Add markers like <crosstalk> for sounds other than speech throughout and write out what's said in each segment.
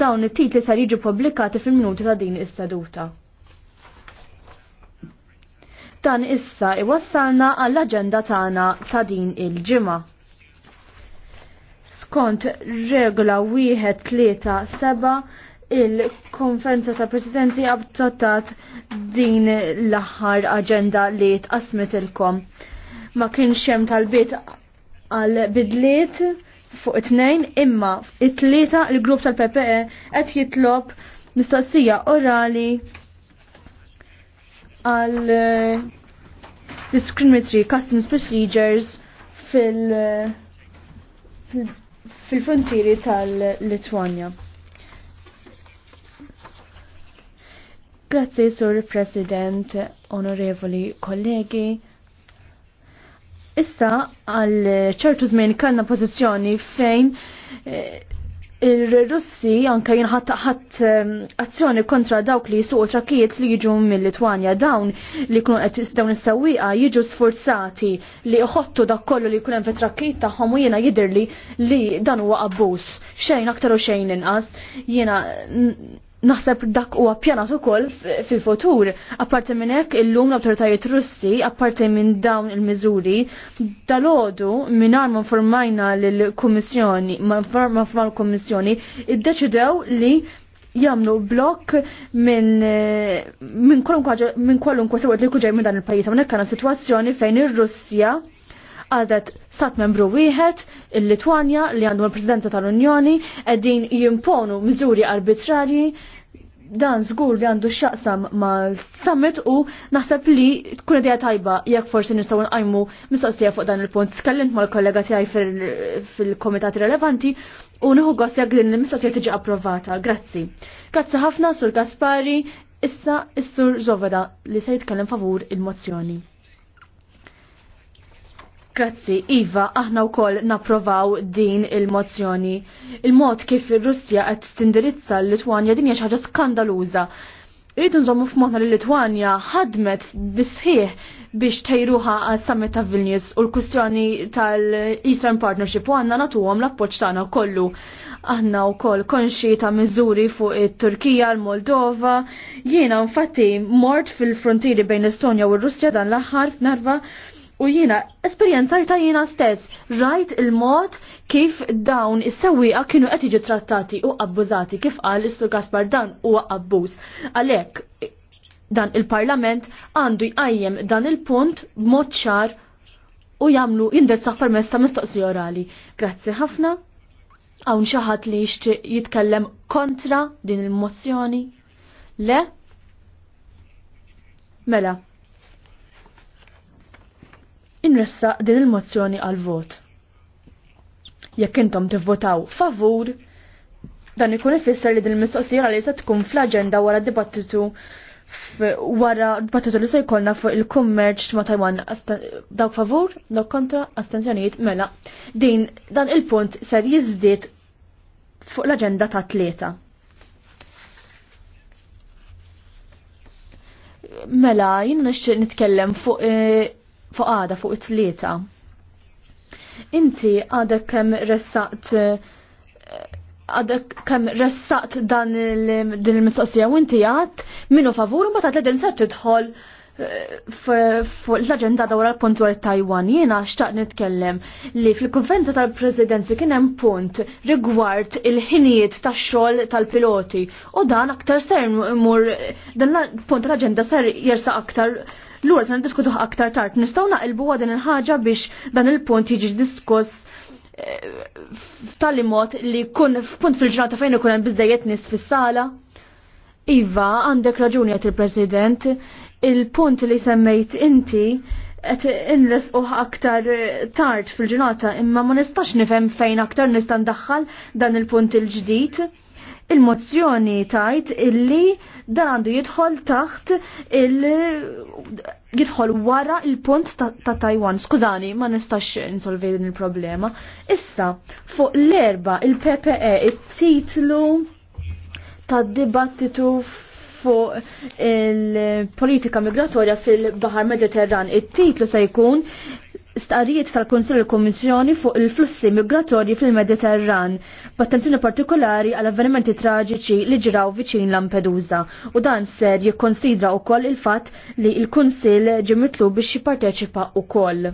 dawn it-titli sar jiġu publikati fil-minuti ta' din is-seduta. Dan issa iwassalna għall-aġenda tagħna ta' din il-ġimgħa. Skont regola wieħed tlieta seba il-konferenza ta' presidenti abtottat din l-aħħar aġenda li tqasmet ilkom. Ma kienx hemm tal-bit għal bidliet fuq it-tnejn imma it-tlieta il-grupp tal-PPE qed jitlob mistoqsija orali għal eh, discriminatory customs procedures fil fil-frontieri tal-Litwanja. Grazie, Sur President, onorevoli kollegi. Issa għal ċertu żmien kellna pożizzjoni fejn eh, il-Russi anka jinħat taħat ehm, azzjoni kontra dawk li jisuqu trakijiet li jiġu mill-Litwanja dawn li kunu qed dawn is-sewwieqa jiġu sforzati li jħottu dak kollu li jkun hemm fit-trakkijiet tagħhom u jiena jidher li dan huwa abbuż. Xejn aktar u xejn inqas jiena naħseb dak huwa pjanat ukoll fil-futur. Apparti minn hekk illum l-awtoritajiet Russi, apparti minn dawn il-miżuri, dalodu mingħajr ma formajna lill-Kummissjoni, ma informa l-Kummissjoni, deċidew li jamlu blok minn eh, minn kwalunkwa minn sewet li kuġej minn dan il-pajjiż. Hawnhekk għandna sitwazzjoni fejn ir-Russja għadet sat membru wieħed, il-Litwanja li għandu l-Presidenta tal-Unjoni, qegħdin jimponu miżuri arbitrarji dan żgur li għandu x'jaqsam mal-summit u naħseb li tkun idea tajba jekk forsi nistgħu nqajmu mistoqsija fuq dan il-punt. Skellint mal-kollega tiegħi fil-komitati relevanti u nieħu gost jekk din il-mistoqsija tiġi approvata. Grazzi. Grazzi ħafna sur Gaspari, issa s sur Zoveda li se jitkellem favur il-mozzjoni. Grazzi, Iva, aħna wkoll napprovaw din il-mozzjoni. Il-mod kif ir-Russja qed tindirizza l-Litwanja din hija xi ħaġa skandaluża. Irrid nżommu f'moħħna li Litwanja ħadmet bisħieħ biex tejruha għal summit ta' Vilnius u l-kustjoni tal-Eastern Partnership u għanna natuhom l-appoġġ tagħna kollu. Aħna wkoll konxi ta' miżuri fuq it-Turkija, l-Moldova. Jiena infatti mort fil-frontieri bejn Estonia u r-Russja dan l-aħħar f'Narva U jina, esperienzajta jina stess, rajt il-mod kif dawn is-sewwieqa kienu qed jiġu trattati u abbużati kif qal is-Sur Gaspar dan huwa abbuż. Għalhekk dan il-Parlament għandu jqajjem dan il-punt b'mod ċar u jagħmlu jindezzaħ permess ta' mistoqsija orali. Grazzi ħafna. Hawn xi ħadd li jixtieq jitkellem kontra din il-mozzjoni? Le? Mela, inressa din il-mozzjoni għal vot. Jekk intom tivvotaw favur, dan ikun ifisser li din il-mistoqsija li se tkun fl-aġenda wara dibattitu wara dibattitu li se jkollna fuq il-kummerċ ma' Taiwan dawk favur, daw kontra, astenzjonijiet mela. Din dan il-punt ser jiżdied fuq l-aġenda ta' tlieta. Mela, jien nitkellem fuq eh, fuq għada fuq it-tlieta. Inti għadek kem ressaqt għadek kem ressaqt dan din il-mistoqsija u inti għad minnu favur ma ta' din se tidħol eh, fuq l-agenda dawra l puntu għal Taiwan jiena xtaqt nitkellem li fil-konferenza tal-presidenzi kien hemm punt rigward il-ħinijiet tax-xogħol tal-piloti u dan aktar ser mur dan l-punt l-aġenda ser jersa aktar Lura se niddiskutuh aktar tard. Nistgħu naqilbu għadin il-ħaġa biex dan il-punt jiġi diskuss eh, f'tali mod li kun f'punt fil-ġurnata fejn ikun hemm biżejjed nies fis-sala. Iva, għandek raġuni għet il-President, il-punt li semmejt inti għet inres uħ aktar tard fil-ġurnata, imma ma nistax nifem fejn aktar nista' ndaħħal dan il-punt il-ġdid. Il-mozzjoni tajt illi dan għandu jidħol taħt il jidħol wara il-punt ta' Taiwan. Skużani, ma nistax insolvi din il-problema. Issa, fuq l-erba il-PPE it-titlu ta' dibattitu fuq il-politika migratorja fil-Bahar Mediterran. It-titlu se jkun stqarijiet tal konsil il-Kummissjoni fuq il-flussi migratorji fil-Mediterran, b'attenzjoni partikolari għal avvenimenti traġiċi li ġraw viċin Lampedusa u dan ser jikkonsidra wkoll il-fatt li l-Kunsill ġie mitlub biex jipparteċipa wkoll.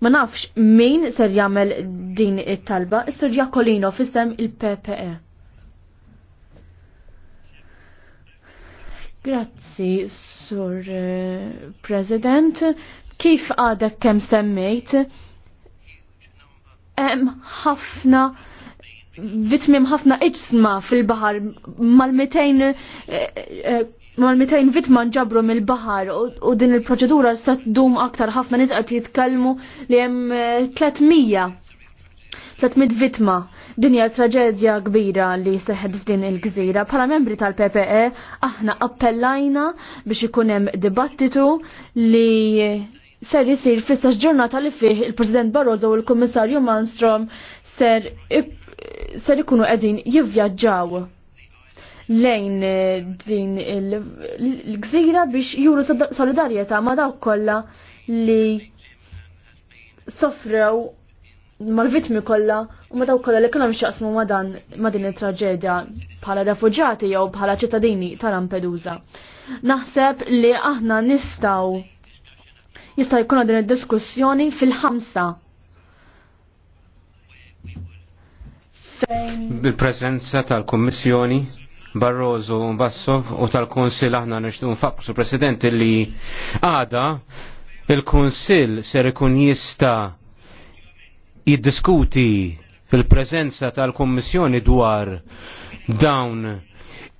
Ma nafx min ser jagħmel din it-talba, is-Sur Jakolino fissem il-PPE. Grazzi, Sur eh, President. Kif għadek kem semmejt? Hemm ħafna vitmim ħafna iġsma fil-bahar mal-200 eh, eh, mal vitma nġabru mill-bahar u din il-proċedura stat dum aktar ħafna nisqat jitkellmu li hemm 300 eh, 300 vitma. Dinja traġedja kbira li seħed f'din il-gżira. Bħala membri tal-PPE aħna appellajna biex ikun hemm dibattitu li ser jisir fl-istax ġurnata li fih il-President Barroso u l-Kommissarju Malmstrom ser ser ikunu qegħdin jivvjaġġaw lejn eh, din il-gżira biex juru solidarjetà ma dawk kollha li sofrew mal-vitmi kollha u ma dawk kollha li kellhom x'jaqsmu ma ma din it-traġedja bħala refuġjati jew bħala ċittadini ta' Lampedusa. Naħseb li aħna nistgħu jista' jkun din id-diskussjoni fil-ħamsa. bil prezenza tal-Kummissjoni Barroso Bassov u tal konsil aħna nixtu nfakku su President li għada il konsil ser ikun jista' jiddiskuti fil prezenza tal-Kummissjoni dwar dawn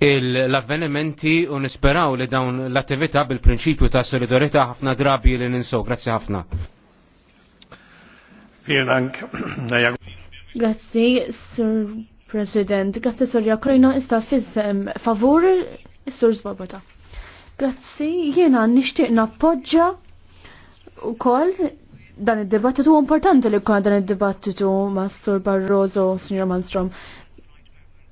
l-avvenimenti u nisperaw li dawn l-attività bil-prinċipju ta' solidarita ħafna drabi li ninsow. Grazzi ħafna. <clears throat> Grazzi, Sir President. Grazzi, Sir Jakrino, ista' fizzem favur, Sir Zbobota. Grazzi, jena nishtiq nappoġġa u koll dan id-dibattitu importanti li kuna dan id-dibattitu ma' Sur Barroso, Sr. Manstrom,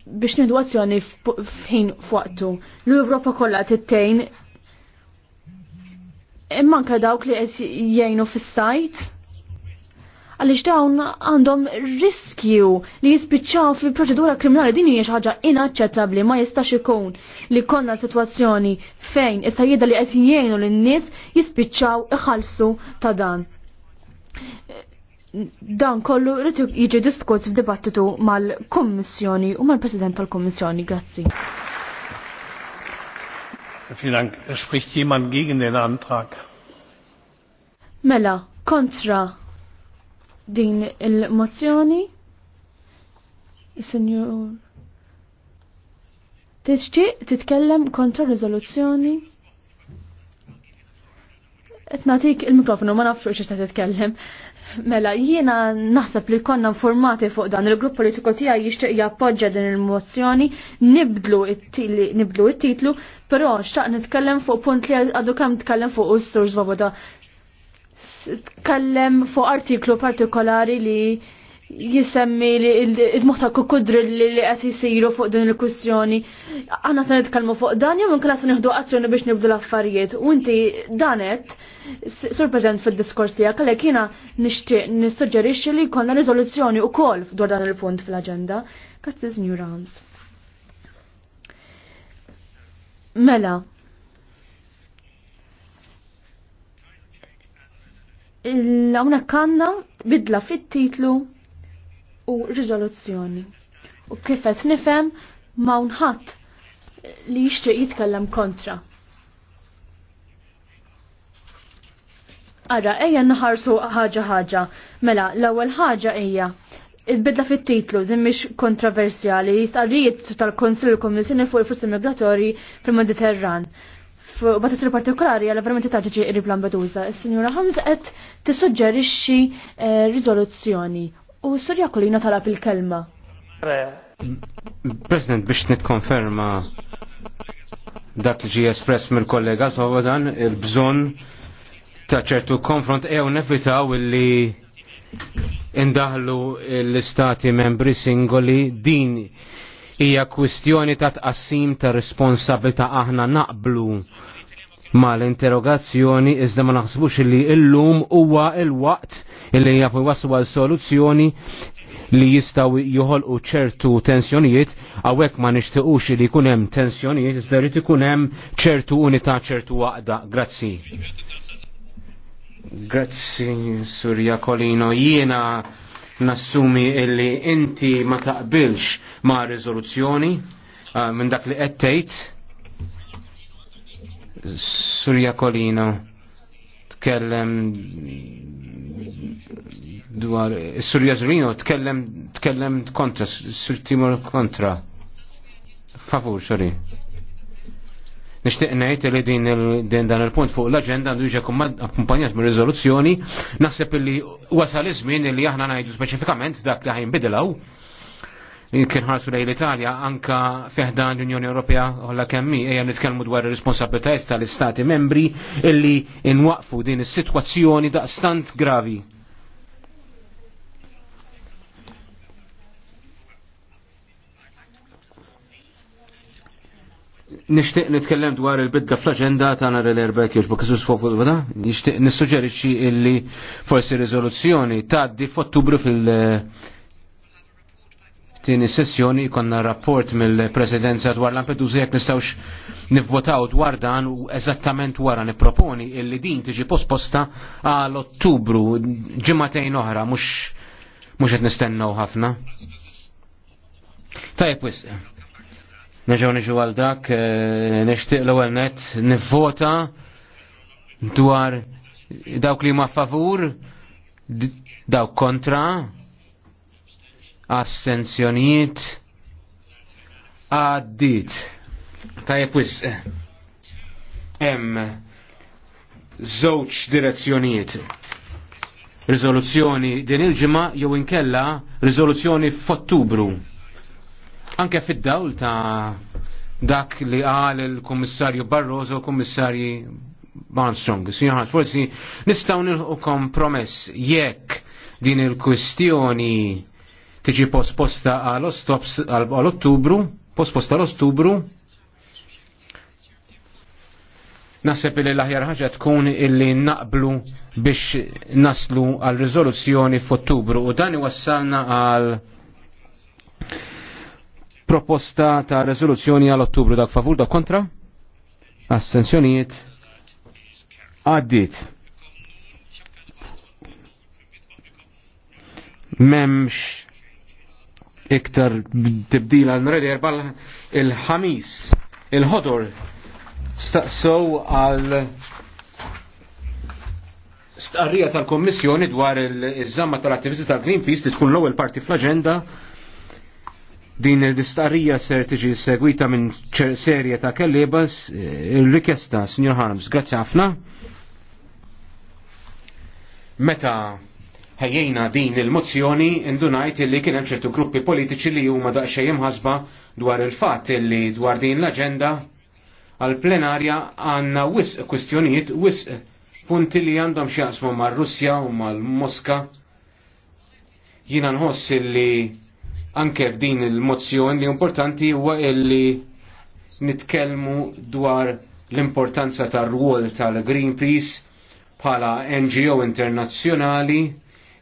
biex nidwazzjoni azzjoni f'ħin fuqtu. L-Ewropa kollha tittejn imma anke dawk li qed jgħinu fis-sajt għaliex dawn għandhom riskju li jispiċċaw fi proċedura kriminali din hija xi ħaġa inaċċettabbli ma jistax ikun li konna sitwazzjoni fejn issa jidha li qed jgħinu lin-nies jispiċċaw iħallsu ta' dan dan kollu rrit jiġi diskuss f'dibattitu mal-Kommissjoni u mal-President tal-Kommissjoni. Grazzi. Vielen Dank. Spricht jemand gegen den Antrag? Mela, kontra din il-mozzjoni? Signor. Tixtieq titkellem kontra riżoluzzjoni? Etnatik nagħtik il-mikrofonu ma nafx xi se titkellem. Mela, jiena naħseb li konna informati fuq dan il-grupp politiku tiegħi jixtieq jappoġġa din il-mozzjoni, nibdlu nibdlu it-titlu, però xaq nitkellem fuq punt li għadu kemm tkellem fuq Ustur Svoboda. Tkellem fuq artiklu partikolari li jisemmi li id-muħta kukudri li qed jisiru fuq din il-kwistjoni. Aħna se nitkellmu fuq dan jew inkella se nieħdu azzjoni biex nibdu l-affarijiet. U inti danet sur preżent fid-diskors tiegħek għalhekk jiena nixtieq nissuġġerixxi li jkollna riżoluzzjoni wkoll dwar dan il-punt fl-aġenda. Grazzi New Hans. Mela. il għuna kanna bidla fit-titlu u riżoluzzjoni. U kif qed nifhem ma' unħat li jixtieq jitkellem kontra. Ara, ejja naħarsu ħaġa ħaġa. Mela, l-ewwel ħaġa ejja. Il-bidla fit-titlu din mhix kontroversjali jistqarrijiet tal-Konsil Kommissjoni fuq il fluss Migratorji fil-Mediterran. B'attenzjoni partikolari għal verament ta' ġiġi qrib Lampedusa. Is-Sinjura Hamza qed tissuġġerixxi eh, riżoluzzjoni U Surja Kolina talab il-kelma. President, biex nitkonferma dak li ġie espress mill-kollega Sobodan il-bżon ta' ċertu konfront ew nefitaw illi indaħlu l-istati membri singoli din hija kwistjoni ta' tqassim ta' responsabilta' aħna naqblu ma l-interrogazzjoni iżda ma naħsbux li illum huwa il-waqt illi jafu waslu għal soluzzjoni li jistaw joħolqu ċertu tensjonijiet, għawek ma nishtiqux li kunem tensjonijiet, iżda li kunem ċertu unità ċertu waqda. Grazzi. Grazzi, Surja Kolino. Jiena nassumi illi inti ma taqbilx ma rizoluzzjoni eh, minn dak li qed Surja Kolino tkellem dwar Sur Zrino tkellem tkellem kontra Sur Timor kontra favur sorry Nishtiq ngħid li din dan il-punt fuq l-aġenda għandu jiġi akkumpanjat mir riżoluzzjoni naħseb li wasal iż-żmien li aħna ngħidu speċifikament dak li ħajnbidilgħu kien ħarsu lejn l-Italja anka feħdan l-Unjoni Ewropea kollha kemmi ejja nitkellmu dwar ir-responsabbiltajiet tal-istati membri illi inwaqfu din is-sitwazzjoni daqstant gravi. Nishtiq nitkellem dwar il-bidda fl-agenda ta' nar l-erbek joġbok kisus fuq da? Eh? Nishtiq nissuġerixi illi forsi rizoluzzjoni ta' di f'Ottubru fil- tini sessjoni konna rapport mill-presidenza dwar Lampedusa jek nistawx nivvotaw dwar dan u eżattament wara niproponi illi din tiġi posposta għal ottubru ġimatejn oħra mux mux qed nistennew ħafna. Tajb wis. Neġgħu niġu għal dak, eh, nixtieq l-ewwel net nivvota dwar dawk li ma favur, dawk kontra, assenzjonijiet għaddit. Tajep wis Em. żewġ direzzjonijiet. Rizoluzzjoni din il-ġimgħa jew inkella rizoluzzjoni f'Ottubru. Anke fid-dawl ta' dak li qal il-Kummissarju Barroso u Kommissarji kummissarji Armstrong. Sinħat, forsi nistgħu nilħu kompromess jekk din il-kwistjoni tiġi posposta għal ottubru, posposta għal ottubru. Naħseb li l-aħjar ħaġa tkun illi naqblu biex naslu għal riżoluzzjoni f'Ottubru u dan iwassalna għal proposta ta' rezoluzzjoni għal Ottubru dak favur dak kontra? Assenzjonijiet għaddit. memx iktar tibdila n-redi erba il-ħamis, il-ħodur, staqsow għal stqarrija tal-Kommissjoni dwar il-żamma tal-attivisti tal-Greenpeace li tkun l-ewwel parti fl-aġenda din l distaqrija ser tiġi segwita minn serje ta' kellibas eh, il-rikesta, Signor Harms, grazzi ħafna. Meta ħejjejna din il-mozzjoni indunajt li kien hemm ċertu gruppi politiċi li huma daqsxejn imħasba dwar il-fatt li dwar din l-aġenda għal plenarja għandna wisq kwistjonijiet wisq punti li għandhom x'jaqsmu mar-Russja u mal-Moska. Jiena nħoss li anke f'din il-mozzjoni li importanti huwa illi nitkellmu dwar l-importanza tar-rwol tal-Greenpeace bħala NGO internazzjonali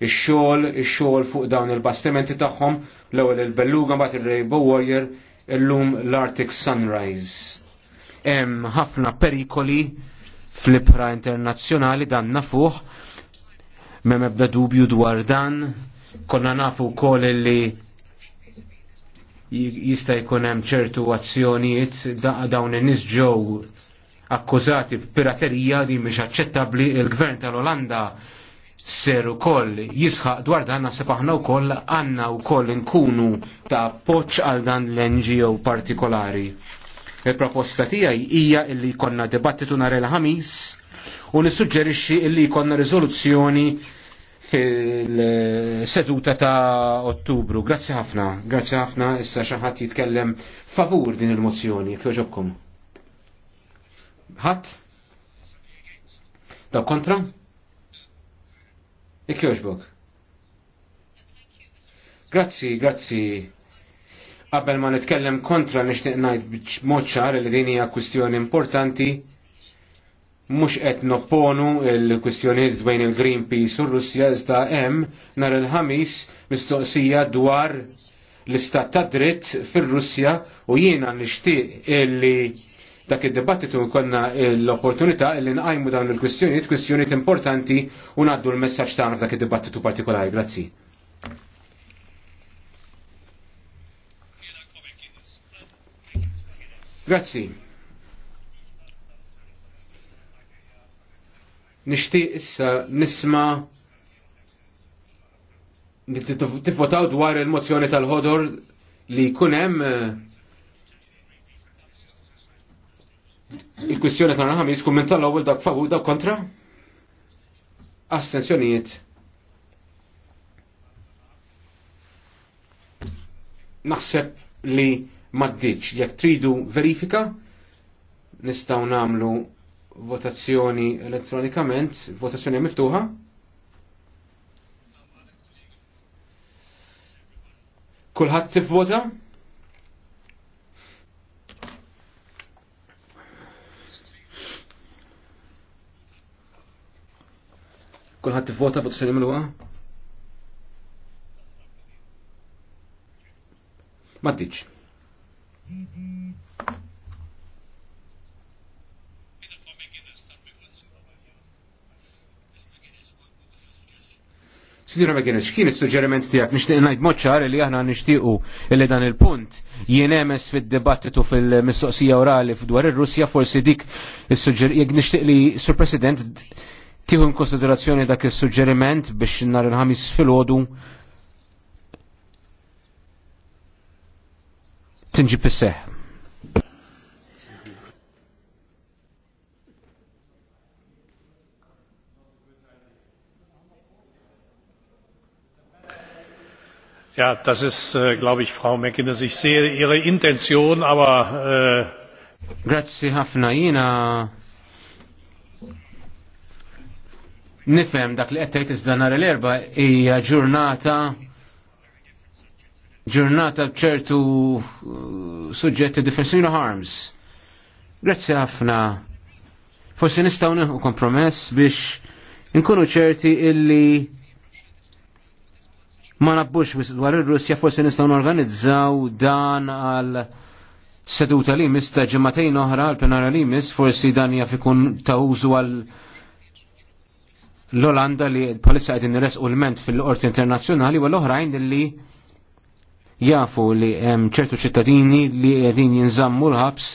ix-xogħol, ix-xogħol fuq dawn il-bastimenti tagħhom, l-ewwel il-Belluga mbagħad ir-Rainbow Warrior, illum l-Arctic Sunrise. Hemm ħafna perikoli fl-ibħra internazzjonali dan nafuh, m'hemm ebda dubju dwar dan, konna nafu wkoll li jista' jkun hemm ċertu azzjonijiet dawn in-nies ġew akkużati b'piraterija li mhix aċċettabbli il-gvern tal-Olanda Seru ukoll jisħaq dwar dan nasib aħna wkoll għandna wkoll nkunu ta' appoġġ għal dan l-NGO partikolari. Il-proposta tiegħi hija illi jkollna dibattitu nhar il-ħamis u nissuġġerixxi illi jkollna rizoluzzjoni fil-seduta ta' Ottubru. Grazzi ħafna, grazzi ħafna issa xi ħadd jitkellem favur din il-mozzjoni, kjoġobkom. Ħadd? Da' kontra? Ikjoġbok. Grazzi, grazzi. Qabel ma nitkellem kontra nixtieq ngħid moċċar ċar li din hija kwistjoni importanti mux qed nopponu il-kwistjonijiet dwejn il-Greenpeace u r-Russja iżda hemm nhar il-ħamis mistoqsija dwar l-istat ta' dritt fir-Russja u jiena nixtieq illi dak id-dibattitu konna l-opportunità li nqajmu dawn il-kwistjonijiet, kwistjonijiet importanti u ngħaddu l-messaġġ tagħna f'dak id-dibattitu partikolari. Grazzi. Grazzi. Nixtieq issa nisma' tifvotaw dwar il-mozzjoni tal-ħodor li kunem Il-kwistjoni ta' naħamis kummenta l-ewwel dak fawu dak kontra? Astenzjonijiet. Naħseb li maddiċ jekk tridu verifika nistgħu nagħmlu votazzjoni elettronikament, votazzjoni miftuħa. Kulħadd tivvota? Kulħadd tivvota l magħluqa? Maddiċ. Sidi Rabbi McGinnis, kien il-suġġeriment tijak, nishtiq najt moċċar li aħna nishtiqu li dan il-punt jienemes fil-dibattitu fil-mistoqsija orali dwar il-Russja forsi dik il-suġġer, nishtiq li, Sur President, tiħu konsiderazzjoni dak il-suġġeriment biex nar il-ħamis fil-ħodu tinġi pisseħ. Ja, das ist, äh, glaube ich, Frau McInnes. Ich sehe Ihre Intention, aber... Äh Grazie, Hafnaina. nifhem dak li qed tgħid l-erba hija ġurnata ġurnata bċertu uh, suġġetti differenti harms. Grazzi ħafna. Forsi nistgħu nieħu kompromess biex inkunu ċerti illi ma nabbux dwar ir-Russja forsi nistgħu norganizzaw dan għal seduta li mista ġematejn oħra għal penara li mis forsi dan jaf ikun ta' użu għal l-Olanda li palissa għedin res u l-ment fil-qorti internazjonali u l-oħrajn li jafu li ċertu ċittadini li għedin jinżammu l-ħabs.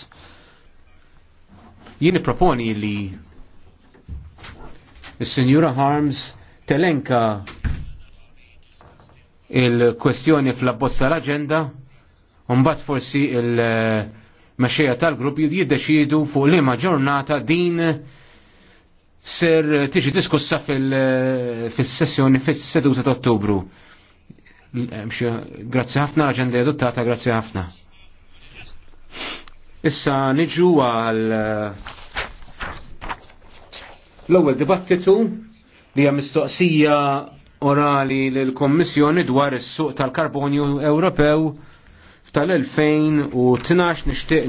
Jini proponi li il-Signora Harms telenka il-kwestjoni fl-abbozza l-agenda un-bat forsi il-mexxejja tal-grupp jiddeċidu fuq liema ġurnata din ser tiġi diskussa fil-sessjoni fil-seduta ta' ottubru. Grazzi ħafna, ġendi adottata, grazzi ħafna. Issa niġu għal eh, l-ewwel dibattitu li hija mistoqsija orali lill-Kommissjoni dwar is-suq tal-karbonju Ewropew tal-2012 nixtieq